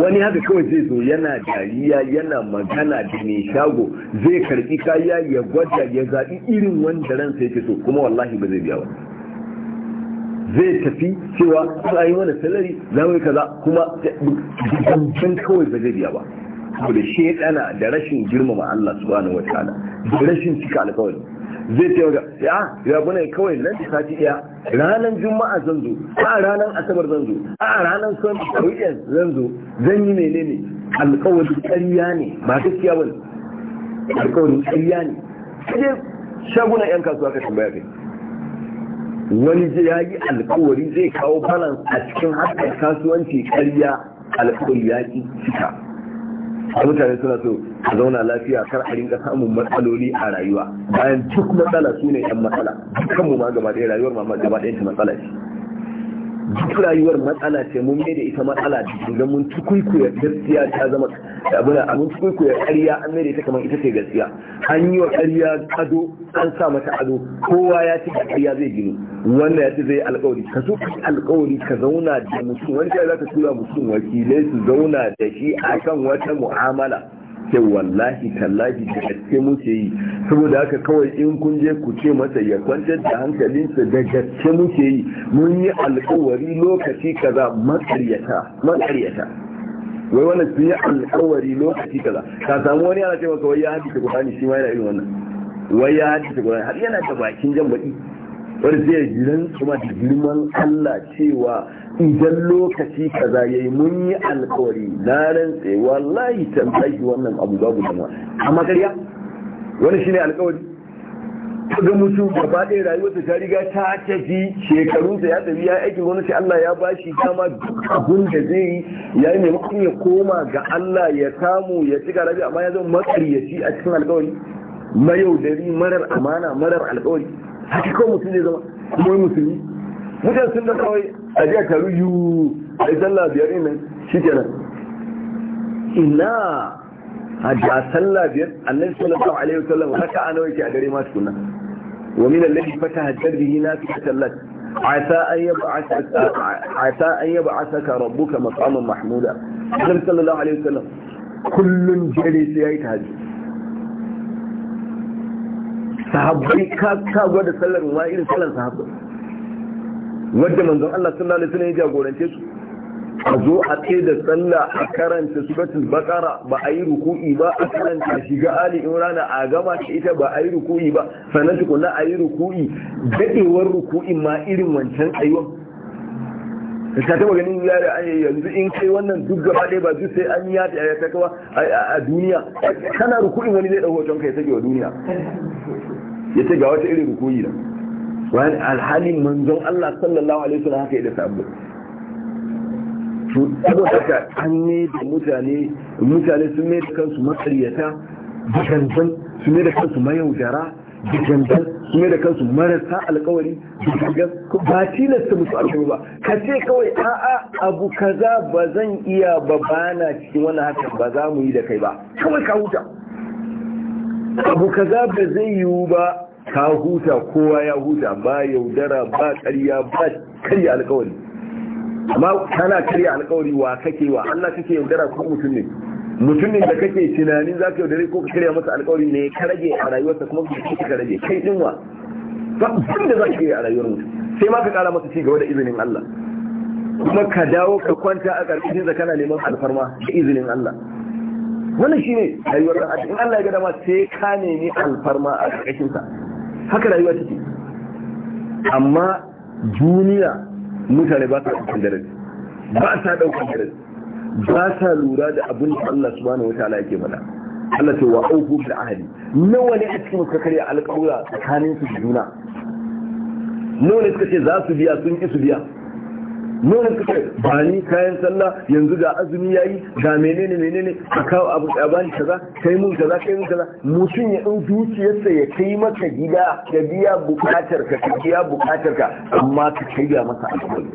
wani haka kawai zai zo yana dariya yana magana da mai shago zai karbi kaya ya gwada ya zaɓi irin wanda ransa yake so kuma wallahi ba zai biya ba zai tafi cewa za yi wani salari za mu yi kaza kuma dukkan kawai ba zai biya ba saboda shedana da rashin girmama Allah subhanahu wataala da rashin cika alkawari zai ce ga ya ya bane kawai nan da sati daya ranar juma'a zan zo a ranar asabar zan zo a ranar son weekend zan zo zan yi menene alƙawari ƙarya ne ba gaskiya bane alƙawari ƙarya ne sai shaguna yan kasuwa ka tambaya kai wani zai ya yi alƙawari zai kawo balance a cikin harkar kasuwanci ƙarya alƙawari ya ki cika a mutane suna so a zauna lafiya kar a rinka samun matsaloli a rayuwa bayan duk matsala su ne yan matsala dukkan mu ma gaba ɗaya rayuwar ma gaba ɗaya ta matsala ce duk rayuwar matsala ce mun mai da ita matsala idan mun tukuikuya gaskiya ta zama abuna a mun tukuikuya ƙarya an mai da ita kamar ita ce gaskiya an yi wa ƙarya ado an sa mata ado kowa ya ce ƙarya zai gini wannan ya ce zai alƙawari ka so ka alƙawari ka zauna da mutum wani za ka tura mutum wakilai su zauna da shi akan wata mu'amala ce wallahi tallahi da gaske muke yi saboda haka kawai in kun je ku ce masa ya kwantar da hankalinsa da gaske muke yi mun yi alkawari lokaci kaza makaryata makaryata wai wannan sun yi alkawari lokaci kaza ka samu wani yana ce maka wai ya haddace Qur'ani shi ma yana irin wannan wai ya haddace Qur'ani har yana da bakin jan baki wani zai jirin da girman Allah cewa idan lokaci kaza ya yi mun yi alkawari na rantse wallahi tambayi wannan abu babu dama amma kariya wani shine alkawari ga mutum gaba ɗaya rayuwarsa ta riga ta tafi da ya tafi ya aiki wani sai Allah ya bashi kama dama duk da zai yi ya yi maimakon ya koma ga Allah ya samu ya ci garabi amma ya zama makaryaci a cikin alkawari mayaudari marar amana marar alkawari haka kawai mutum ne zama kuma yi musulmi mutan sun da kawai a jiya taru yu a yi sallah biyar nan shi kenan ina a labiyar sallah biyar annabi sallallahu alaihi wasallam haka ana wake a gare masu kunna wa min alladhi fataha darbihi nafiyatan lak عسى أن يبعثك عسى أن يبعثك ربك مقاما محمودا النبي صلى الله عليه وسلم كل جليس يتهجد sahabbai ka gwada sallar ma irin sallar sahabbai wadda manzon Allah sallallahu alaihi wasallam ya jagorance su a zo a tsaye da sallah a karanta suratul baqara ba a yi ruku'i ba a karanta shiga ali imran a gama shi ita ba a yi ruku'i ba sannan tukuna a yi ruku'i daɗewar ruku'i ma irin wancan tsayuwan ta taba ganin yare an yanzu in kai wannan duk gaba ɗaya ba duk sai an yi ya ta kawa a duniya kana ruku'in wani zai ɗau hoton kai take wa duniya ya ce ga wata irin rukuyi da wani alhalin manzon Allah sallallahu alaihi wasallam haka ya da sabbi su haka an ne da mutane mutane sun ne da kansu matsaryata da gangan sun ne da kansu mayaudara da gangan ne da kansu marasa alkawari da gangan ba tilasta musu alkawari ba ka ce kawai a'a abu kaza ba zan iya ba bana cikin wani haka ba za mu yi da kai ba kawai ka huta abu kaza ba zai yiwu ba ka huta kowa ya huta ba yaudara ba karya ba kariya alkawari amma kana karya alkawari wa kake wa Allah kake yaudara ko mutum ne mutumin da kake tunanin za ka yaudare ko ka karya masa alkawari ne ka rage a rayuwarsa kuma ka rage kai din wa babban da za ka yi a rayuwar mutum sai ma ka kara masa ci gaba da izinin Allah kuma ka dawo ka kwanta a ƙarƙashin da kana neman alfarma da izinin Allah wannan shine rayuwar da in Allah ya ga dama sai ka nemi alfarma a ƙarƙashin sa haka rayuwa take amma duniya mutane ba ta ɗaukar darasi ba sa ɗaukar darasi ba sa lura da abin da Allah subhanahu wataala yake faɗa Allah ce wa auku bil ahli nawa ne a cikin suka karya alƙawura tsakanin su da juna nawa ne suka ce za su biya sun ki su biya nuna suke ba ni kayan sallah yanzu ga azumi yayi ga menene menene a kawo abu a bani kaza kai mun kaza kai mun kaza mutum ya ɗau zuciyarsa ya kai maka gida ya biya bukatar ka ka biya bukatar ka amma ka kai ga masa alƙawari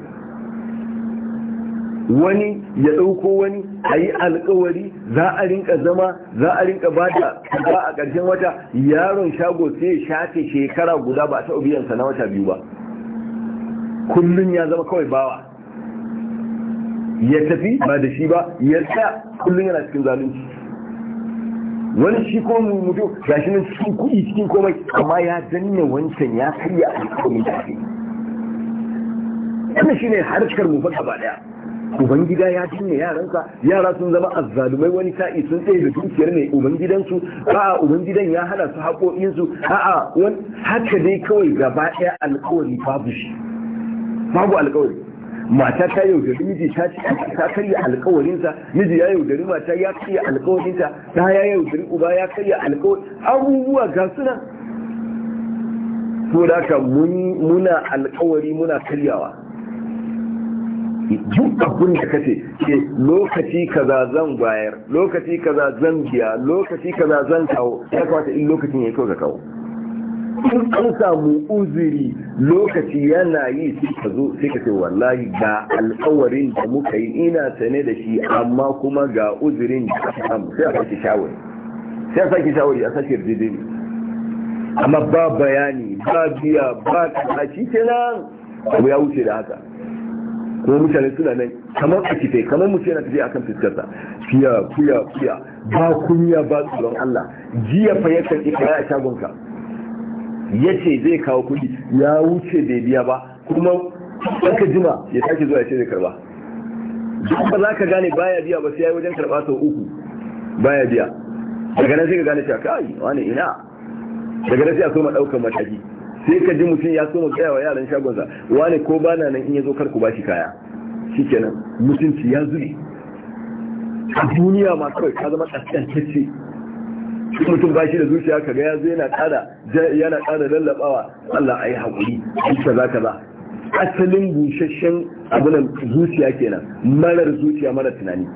wani ya ɗauko wani a yi alkawari za a rinka zama za a rinka ba da ba a ƙarshen wata yaron shago sai ya shafe shekara guda ba a taɓa biyansa na wata biyu ba kullum ya zama kawai bawa ya tafi ba da shi ba ya tsaya kullum yana cikin zalunci wani shi ko mutu ga shi nan cikin kuɗi cikin komai amma ya danne wancan ya karya a cikin tafi wannan shine harkar mu fata ba daya ubangida ya cinye yaransa yara sun zama azzalumai wani sa'i sun tsaye da dukiyar mai ubangidansu a'a ubangidan ya hana su haƙoƙinsu a'a wani haka dai kawai gaba ɗaya alƙawari babu shi babu alƙawari mata ta yaudari miji ta ci ta karya alkawarinsa miji ya yaudari mata ya karya alkawarinta ta ya yaudari uba ya karya alkawarin abubuwa ga suna to da muna alkawari muna karyawa duk abun da kace ke eh, lokaci kaza zan bayar lokaci kaza zan biya lokaci kaza zan kawo ya kawata in lokacin ya kawo ka kawo in an samu uzuri lokaci yana yi su ka zo sai ka ce wallahi ga alƙawarin da muka yi ina sane da shi amma kuma ga uzurin da aka samu sai a sake shawari sai a sake shawari a sake yarjejeni amma ba bayani ba biya ba kana ce kenan abu ya wuce da haka kuma mutane suna nan kamar a kife kamar mutum yana tafiya akan fuskarsa fiya fiya fiya ba kunya ba tsoron Allah jiya fa yakan ikira a shagonka ya ce zai kawo kudi ya wuce bai biya ba kuma ɗanka jima ya sake zuwa ya ce zai karba duk ba za ka gane baya biya ba sai ya yi wajen karba sau uku baya biya daga nan sai ka gane cewa kai wani ina daga nan sai a soma ɗaukar mataki sai ka ji mutum ya soma tsayawa wa yaran shagonsa wani ko ba na nan in ya zo kar ku ba shi kaya shikenan mutunci ya zuri a duniya ma kawai ka zama ƙasƙantacce mutum ba shi da zuciya kaga ya zo yana ƙara yana ƙara lallabawa Allah ayi hakuri kaza za za. asalin busasshen abunan zuciya kenan marar zuciya marar tunani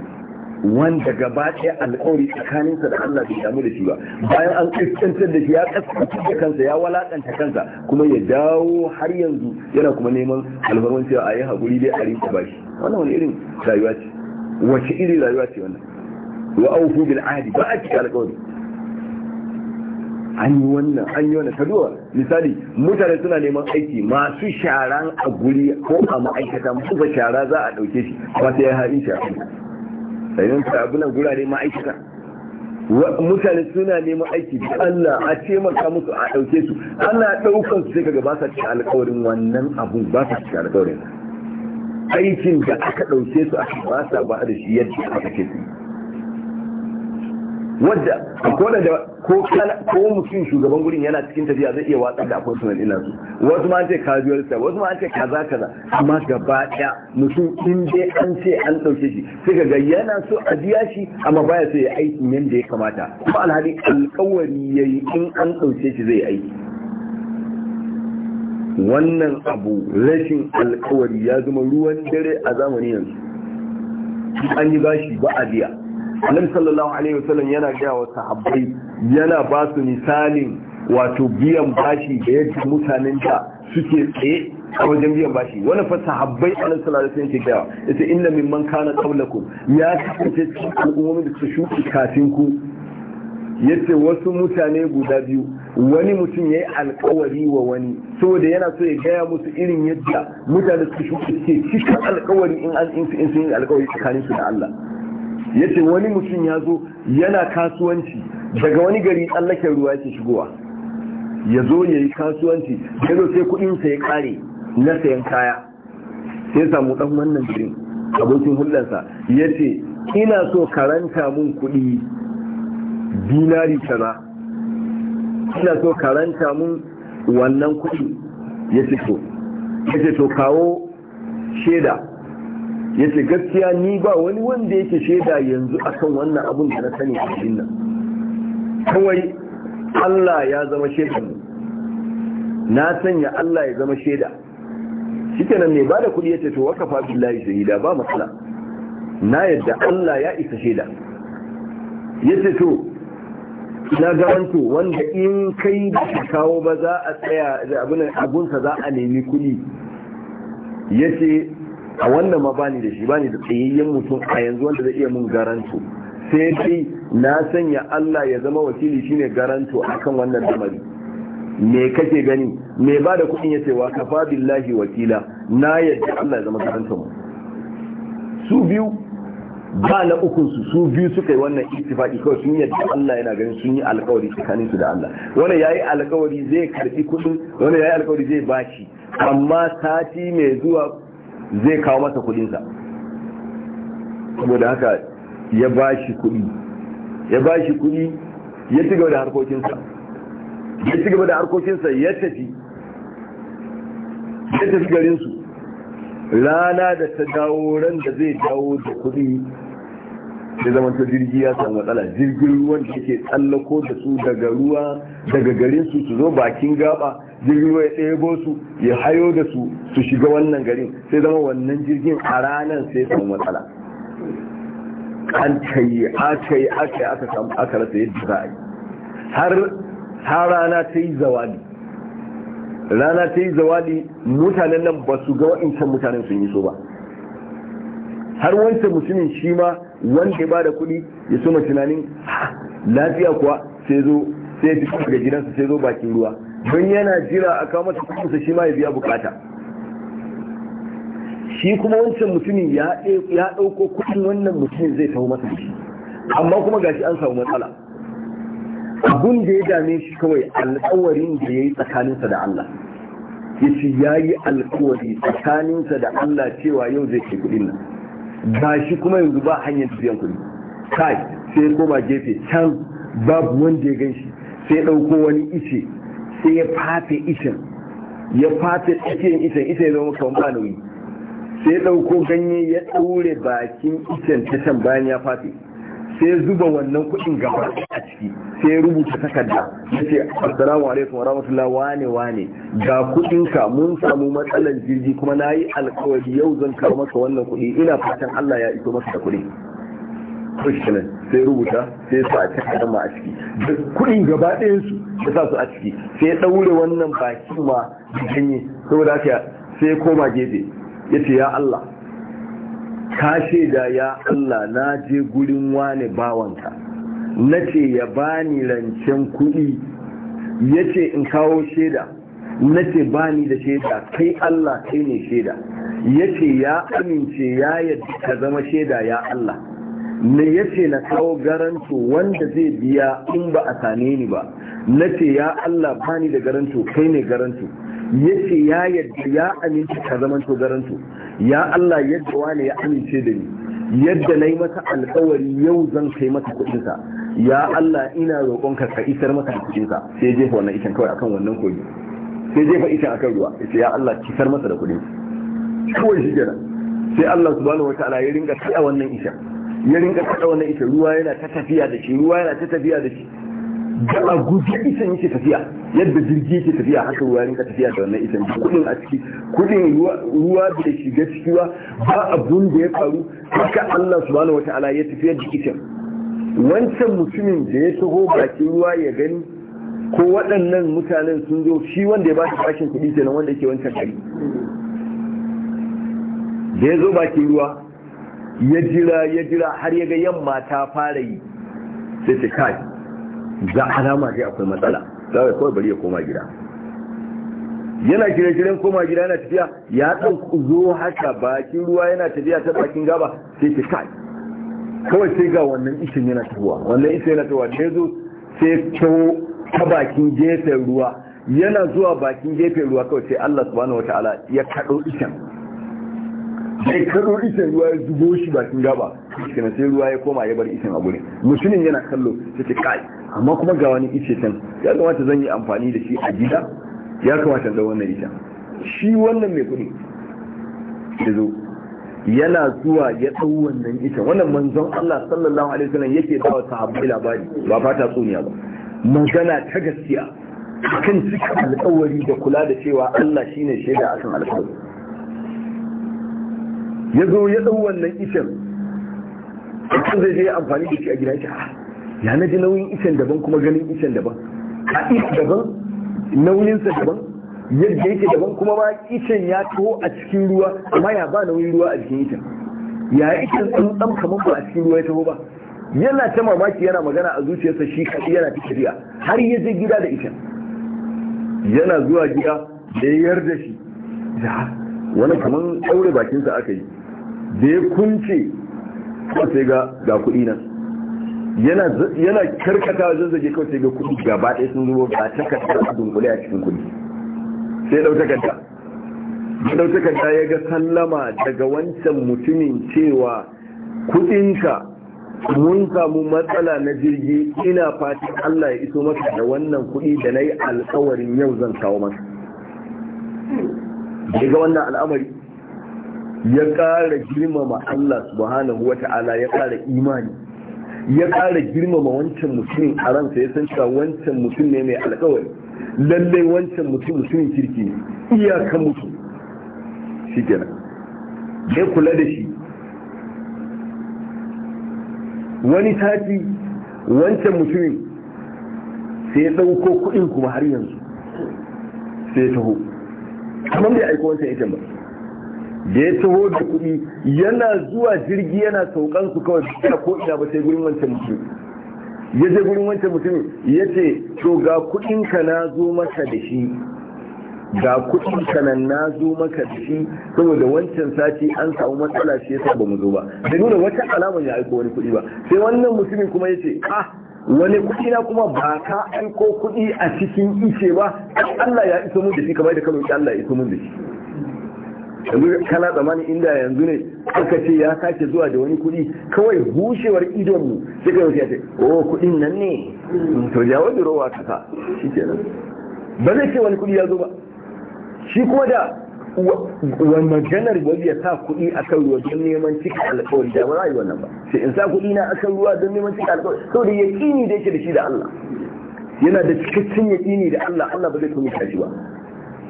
wanda gaba ɗaya alƙawari tsakaninsa da Allah bai damu da shi ba bayan an kaskantar da shi ya kaskantar da kansa ya walakanta kansa kuma ya dawo har yanzu yana kuma neman alfarman cewa a yi haƙuri dai a rinka ba shi wannan wani irin rayuwa ce wace irin rayuwa ce wannan wa aufu bil ahdi ba a cika alƙawari an yi wannan an yi wannan saduwa duba misali mutane suna neman aiki masu sharan a guri ko a ma'aikata masu ba shara za a ɗauke shi ba sai ya hari shafi sayan sabunan gurare ma'aikata mutane suna neman aiki Allah a taimaka musu a ɗauke su ana ɗaukan su sai kaga ba sa ci alƙawarin wannan abun ba sa ci alƙawarin aikin da aka ɗauke su a ba sa ba da shi yadda aka ce su wadda akwai da ko mutum shugaban gurin yana cikin tafiya zai iya watsar da akwai sunan ina su wasu ma an ce casual style wasu ma an ce kaza kaza amma gaba daya mutum in dai an ce an dauke shi sai ka ga yana so a biya shi amma baya so ya aiki da ya kamata kuma alhali alƙawari yayi in an dauke shi zai aiki wannan abu rashin alƙawari ya zama ruwan dare a zamani yanzu an yi bashi ba a biya annabi sallallahu alaihi wasallam yana gaya wa sahabbai yana ba su misalin wato biyan bashi da yadda mutanen da suke tsaye a wajen biyan bashi wani fa sahabbai annabi sallallahu alaihi wasallam yake ga yace inna mimman kana qablakum ya kasance cikin al'ummomin da su shuki kafin ku yace wasu mutane guda biyu wani mutum ya yi alkawari wa wani saboda yana so ya gaya musu irin yadda mutane su shuka suke cikin alkawari in an in sun yi alkawari tsakaninsu da Allah yace wani mutum ya zo yana kasuwanci daga wani gari tsallaken ruwa yake shigowa ya zo ya yi kasuwanci ya zo sai kudinsa ya kare na sayan kaya sai samu dan wannan garin abokin hulɗarsa ya ce ina so karanta mun kuɗi dinari kaza ina so karanta mun wannan kuɗi ya ce to ya to kawo shaida yace gaskiya ni ba wani wanda yake shaida yanzu akan wannan abun da na sani a cikin nan kawai Allah ya zama sheda na sanya Allah ya zama shaida shikenan mai bada kuɗi yace to waka fa billahi shahida ba matsala na yadda Allah ya isa shaida yace to na garanto wanda in kai da ka kawo ba za a tsaya da abun abunsa za a nemi kuɗi yace a wannan ma bani da shi bani da tsayayyen mutum a yanzu wanda zai iya mun garanto sai dai na sanya Allah ya zama wakili shine garanto akan wannan damari me kake gani me ba da kuɗin ya ce wa kafa billahi wakila na yadda Allah ya zama garanto mu su biyu ba na ukunsu su biyu suka yi wannan ittifaki kawai sun yadda Allah yana ganin sun yi alkawari tsakanin su da Allah wani yayi alkawari zai karbi kudin wani yayi alkawari zai bashi amma sati mai zuwa zai kawo masa kudinsa saboda haka ya ba shi kudi ya ba shi kudi ya ci gaba da harkokinsa ya ci gaba da harkokinsa ya tafi ya tafi garinsu rana da ta dawo ran da zai dawo da kudi sai zama ta jirgi ya samu matsala jirgin ruwan da ke tsallako da su daga ruwa daga garin su su zo bakin gaba jirgin ruwa ya ɗebo su ya hayo da su su shiga wannan garin sai zama wannan jirgin a ranar sai samu matsala an kai aka yi aka yi aka samu aka rasa yadda za a yi har rana ta yi zawali rana ta yi zawali mutanen nan ba su ga wa'incan mutanen sun yi so ba har wancan mutumin shi ma wanda ya bada kuɗi ya suma tunanin lafiya kuwa sai zo sai fi kuma daga gidansa sai zo bakin ruwa don yana jira a kawo masa sa shi ma ya biya bukata shi kuma wancan mutumin ya ɗauko kuɗin wannan mutumin zai taho masa shi amma kuma gashi an samu matsala abun da ya dame shi kawai alƙawarin da ya yi tsakaninsa da Allah ya ce ya yi alƙawari tsakaninsa da Allah cewa yau zai ke kuɗin nan Gashi shi kuma yanzu ba hanyar biyan kuɗi kai sai koma gefe can babu wanda ya gan shi sai ɗauko wani ice sai ya fafe ishen ya fafe tsakiyar ishen ishe ya zama kamar ba nauyi sai ya ɗauko ganye ya ɗaure bakin icen ta can bayan ya fafe sai zuba wannan kuɗin gaba a ciki sai rubuta takarda ya ce assalamu alaikum ne wane wane ga kudinka mun samu matsalar jirgi kuma na yi alkawari yau zan karo maka wannan kudi ina fatan Allah ya iso maka da kudi Christian sai rubuta sai su a takardar ma a ciki da kudin gaba ɗayan su ya sa su a ciki sai ɗaure wannan bakin ma da saboda haka sai koma gefe ya ce ya Allah ka shaida ya Allah na je gurin wane bawanka na ce ya bani rancen kuɗi ya ce in kawo shaida na ce bani da shaida kai Allah kai ne shaida ya ce ya amince ya yadda ka zama shaida ya Allah na ya ce na kawo garanto wanda zai biya in ba a sane ni ba na ce ya Allah bani da garanto kai ne garanto ya ce ya yadda ya amince ka zama to garanto ya Allah yadda wane ya amince da ni yadda na yi masa alkawari yau zan kai masa kuɗinsa ya Allah ina roƙonka ka isar masa da kuɗinsa sai jefa wannan ishan kawai akan wannan kogi sai jefa ishan akan ruwa sai ya Allah kisar masa da kuɗin kawai shi kenan sai Allah subhanahu wataala ya ringa kada wannan ishan ya ringa kada wannan ishan ruwa yana ta tafiya da shi ruwa yana ta tafiya da shi da a guji ishan yake tafiya yadda jirgi yake tafiya haka ruwa ringa tafiya da wannan ishan kuɗin a ciki kuɗin ruwa da shiga cikiwa ba abun da ya faru haka Allah subhanahu wataala ya tafiya da isan. wancan mutumin da ya taho bakin ruwa ya gani ko waɗannan mutanen sun zo shi wanda ya ba shi bashin kuɗi kenan wanda ke wancan gari da ya zo bakin ruwa ya jira ya jira har ya ga yamma ta fara yi sai ta kai za alama dai akwai matsala a kawai bari ya koma gida yana gire koma gida yana tafiya ya ɗan zo haka bakin ruwa yana tafiya ta bakin gaba sai ta kai kawai sai ga wannan ishin yana tahowa wannan ishin yana tahowa da ya zo sai kyau ta bakin gefen ruwa yana zuwa bakin gefen ruwa kawai sai Allah subhanahu wataala ya kado ishin sai kado ishin ruwa ya zubo shi bakin gaba kana sai ruwa ya koma ya bar ishin a gurin Mutumin yana kallo sai ce kai amma kuma ga wani ishe can ya kamata zan yi amfani da shi a gida ya kamata da wannan ishin shi wannan mai kuɗi ya zo yana zuwa ya ɗau wannan ita wannan manzon Allah sallallahu alaihi wasallam yake ba wa sahabbai labari ba fata tsuniya ba magana ta gaskiya kan cika alƙawari da kula da cewa Allah shine shaida kan alƙawari ya zo ya ɗau wannan ita kan zai je amfani da shi a gidan shi ya naji nauyin ita daban kuma ganin ita daban a daban nauyinsa daban yadda yake daban kuma ma icen ya taho a cikin ruwa amma ya ba nauyin ruwa a cikin icen ya icen dan kamar ba a cikin ruwa ya taho ba yana ta mamaki yana magana a zuciyarsa shi kaɗai yana ta har ya je gida da icen yana zuwa gida da ya yarda shi wani kamar ɗaure bakinsa aka yi da ya kunce ko sai ga ga kuɗi nan yana karkata wajen zage kawai ga kuɗi gaba ɗaya sun zubo ba ta kasar dunkule a cikin kuɗi sai ɗauta kanta ya ya ga sallama daga wancan mutumin cewa kudinka mun samu matsala na jirgi ina fatan Allah ya iso maka da wannan kuɗi da na yi alkawarin yau zan kawo maka daga wannan al'amari ya ƙara girmama Allah subhanahu wa ta'ala ya ƙara imani ya ƙara girmama wancan mutumin a ransa ya san cewa wancan mutum ne mai alkawari lallai wancan mutum mutumin kirki iyakan mutu shi kenan ne kula da shi wani sati wancan mutumin sai ya ɗauko kuɗin kuma har yanzu sai ya taho kamar da ya aiko wancan ita ba da ya taho da kuɗi yana zuwa jirgi yana saukansu kawai da ko ina ba sai gurin wancan mutumin ya je gurin wancan mutumin ya ce to ga kuɗinka na zo maka da shi ga na zo maka da shi saboda wancan sati an samu matsala shi yasa ba mu zo ba da nuna wata alamar ya aiko wani kuɗi ba sai wannan mutumin kuma ya ce ah wani kuɗi na kuma ba ka aiko kuɗi a cikin ice ba Allah ya iso mun da shi kamar da kamar Allah ya iso mun da shi yanzu kana tsammanin inda yanzu ne aka ce ya sake zuwa da wani kuɗi kawai bushewar idon mu sai ka ya ce oh kuɗin nan ne to ya wani rowa sa shi nan ba zai ce wani kuɗi ya zo ba shi kuma da wa maganar ba ya sa kuɗi a kan ruwa don neman cika alƙawari da ba wannan ba sai in sa kuɗi na a kan ruwa don neman cika alƙawari saboda ya ƙini da yake da shi da Allah yana da cikakken yaƙini ƙini da Allah Allah ba zai kuma shi ba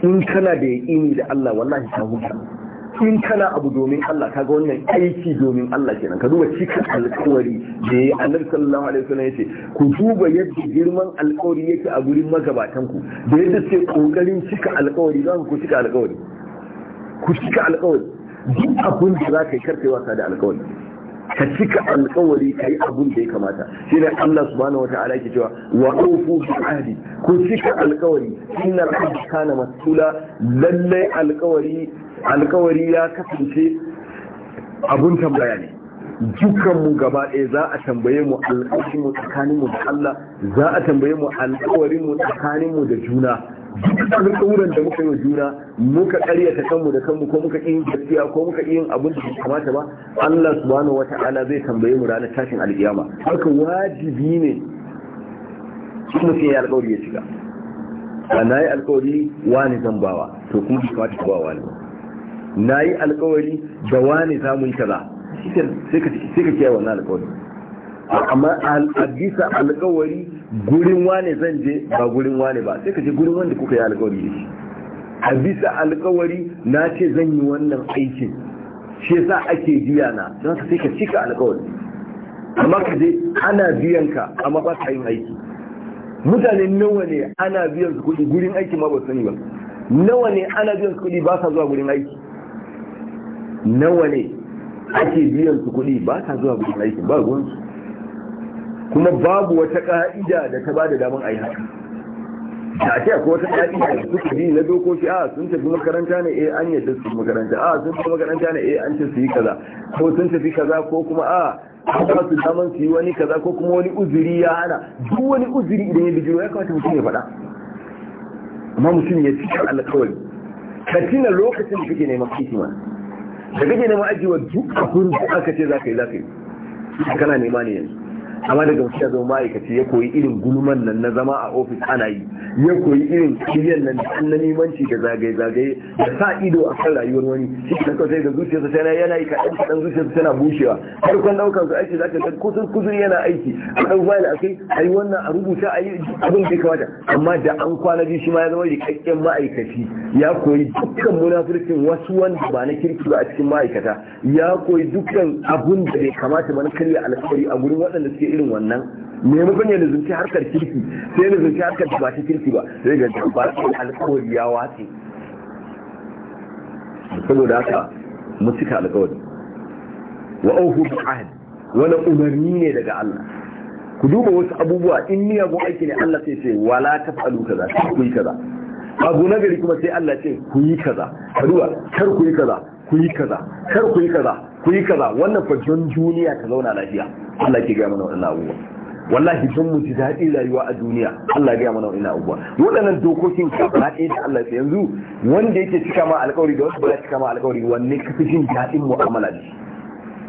in kana da yaƙini da Allah wallahi ka huta in kana abu domin Allah kaga wannan aiki domin Allah kenan ka duba cikin alƙawari da yayi Annabi sallallahu alaihi wasallam yace ku duba yadda girman alƙawari yake a gurin magabatan ku da yadda sai kokarin cika alƙawari za ku cika alƙawari ku cika alƙawari duk abin da ka yi wasa da alƙawari ka cika alkawari ka yi abin da ya kamata shi ne Allah subhanahu wa ta'ala ke cewa wa aufu bi ahdi ku cika alkawari inna al-ahda kana mas'ula lalle alkawari alkawari ya kasance abun tambaya ne Dukkan mu gaba ɗaya za a tambaye mu alƙawarin mu tsakanin mu da Allah za a tambaye mu alƙawarin mu tsakanin mu da juna dukkan kawuran da muka yi wa juna muka ta kanmu da kanmu ko muka yin gaskiya ko muka yin abin da kamata ba Allah subhanahu wata'ala zai tambaye mu ranar tashin alkiyama haka wajibi ne su mutum ya alkawari ya shiga na yi alkawari wani zan bawa to kuma shi kamata ba wani na yi alkawari da wani za mu yi kaza sai ka kiyaye wannan alkawari amma a bisa alkawari gurin wane zan je ba gurin wane ba sai ka je gurin wanda kuka yi alkawari da shi a bisa alkawari na ce zan yi wannan aikin shi yasa ake biya na don ka sai ka cika alkawari amma ka je ana biyan ka amma ba ka yin aiki mutane nawa ne ana biyan su kuɗi gurin aiki ma ba sani ba nawa ne ana biyan su kuɗi ba sa zuwa gurin aiki nawa ne ake biyan su kuɗi ba sa zuwa gurin aiki ba su. kuma babu wata ka'ida da ta bada daman a yi haka da ake akwai wata ka'ida da suka bi na dokoki a sun tafi makaranta ne eh an yadda su makaranta a sun tafi makaranta ne eh an ce su yi kaza ko sun tafi kaza ko kuma a an ba su damar su yi wani kaza ko kuma wani uzuri ya hana duk wani uzuri idan ya bijiro ya kamata mutum ya faɗa amma mutum ya cika alƙawari ka tuna lokacin da kake neman aiki ma da kake neman ajiwa duk abin da aka ce za ka yi za ka yi kana nema ne yanzu amma daga mutum ya ma'aikaci ya koyi irin gulman nan na zama a ofis ana yi ya koyi irin kiliyan nan na nimanci da zagaye-zagaye da sa ido a kan rayuwar wani shi ta kawai da zuciyarsa tana yana yi kaɗan kaɗan zuciyarsa tana bushewa Har kwan ɗaukar su aiki zaka ga kusur kusur yana aiki a ɗan fayil a kai a yi wannan a rubuta a yi abin da ya kamata amma da an kwana biyu shi ma ya zama rikakken ma'aikaci ya koyi dukkan munafurcin wasu wanda ba na kirki ba a cikin ma'aikata ya koyi dukkan abun da bai kamata ba na karya alƙawari a gurin waɗanda suke irin wannan maimakon ya nuzunci harkar kirki sai ya nuzunci harkar da ba ta kirki ba sai ga ba alkawari ya wace. saboda haka mu cika alkawari wa auhu bil ahd wani umarni ne daga Allah ku duba wasu abubuwa in ni abu aiki ne Allah sai ce wala tafalu kaza ku yi kaza abu nagari kuma sai Allah ce ku yi kaza kaduwa kar ku yi kaza ku yi kaza kar ku yi kaza ku yi kaza wannan fa duniya ka zauna lafiya Allah ke gaya mana wannan abubuwa wallahi don mu ji daɗi rayuwa a duniya Allah ya gaya mana wannan abubuwa waɗannan dokokin ka ba ɗaya da Allah yanzu wanda yake cika ma alƙawari da wasu ba cika ma alƙawari wanne ka fi jin daɗin mu'amala da shi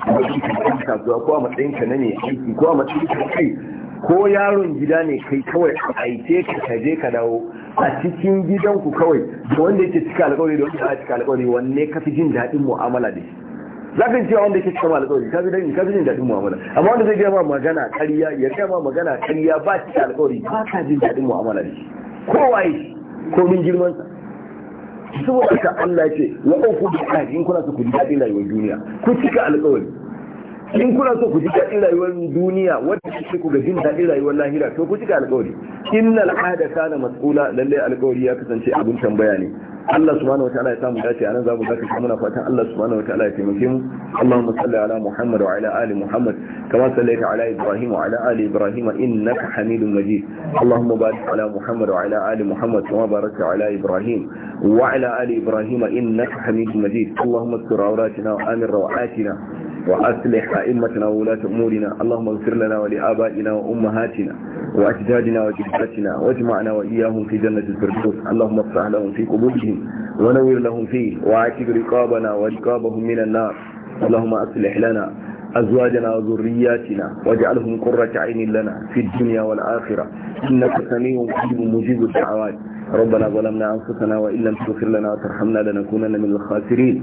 matsayin kan ko aiki matsayin kai ko yaron gida ne kai kawai a aice ka kaje ka dawo a cikin gidanku kawai da wanda yake cika alƙawari da wanda ya cika alƙawari wanne ka fi jin daɗin mu'amala da shi za ka wanda yake cika alƙawari ka fi daɗin ka fi jin daɗin mu'amala amma wanda zai ga ma magana ƙarya ya ga ma magana ƙarya ba cika alƙawari ba ka jin daɗin mu'amala da shi kowa yi ko min girmansa saboda ka Allah ce wa auku da kai in kuna so ku ji daɗin rayuwar duniya ku cika alƙawari in kuna so ku ji daɗin rayuwar duniya wanda shi ku ga jin daɗin rayuwar lahira to ku cika alƙawari innal ahda kana mas'ula lalle alƙawari ya kasance abin tambaya ne Allah subhanahu wataala ya samu dace anan zamu dace muna fatan Allah subhanahu wataala ya taimake mu Allahumma salli ala Muhammad wa ala ali Muhammad kama sallaita ala Ibrahim wa ala ali Ibrahim innaka Hamidum Majid Allahumma barik ala Muhammad wa ala ali Muhammad kama barakta ala Ibrahim wa ala ali Ibrahim innaka Hamidum Majid Allahumma استر عوراتنا وآمن روعاتنا وأصلح أئمتنا وولاة أمورنا اللهم اغفر لنا ولآبائنا وأمهاتنا وأجدادنا وجدتنا واجمعنا وإياهم في جنة الفردوس اللهم افتح لهم في قبورهم ونور لهم فيه وعاتب رقابنا ورقابهم من النار اللهم أصلح لنا أزواجنا وذرياتنا واجعلهم قرة عين لنا في الدنيا والآخرة إنك سميع قريب مجيب الدعوات ربنا ظلمنا أنفسنا وإن لم تغفر لنا وترحمنا لنكونن من الخاسرين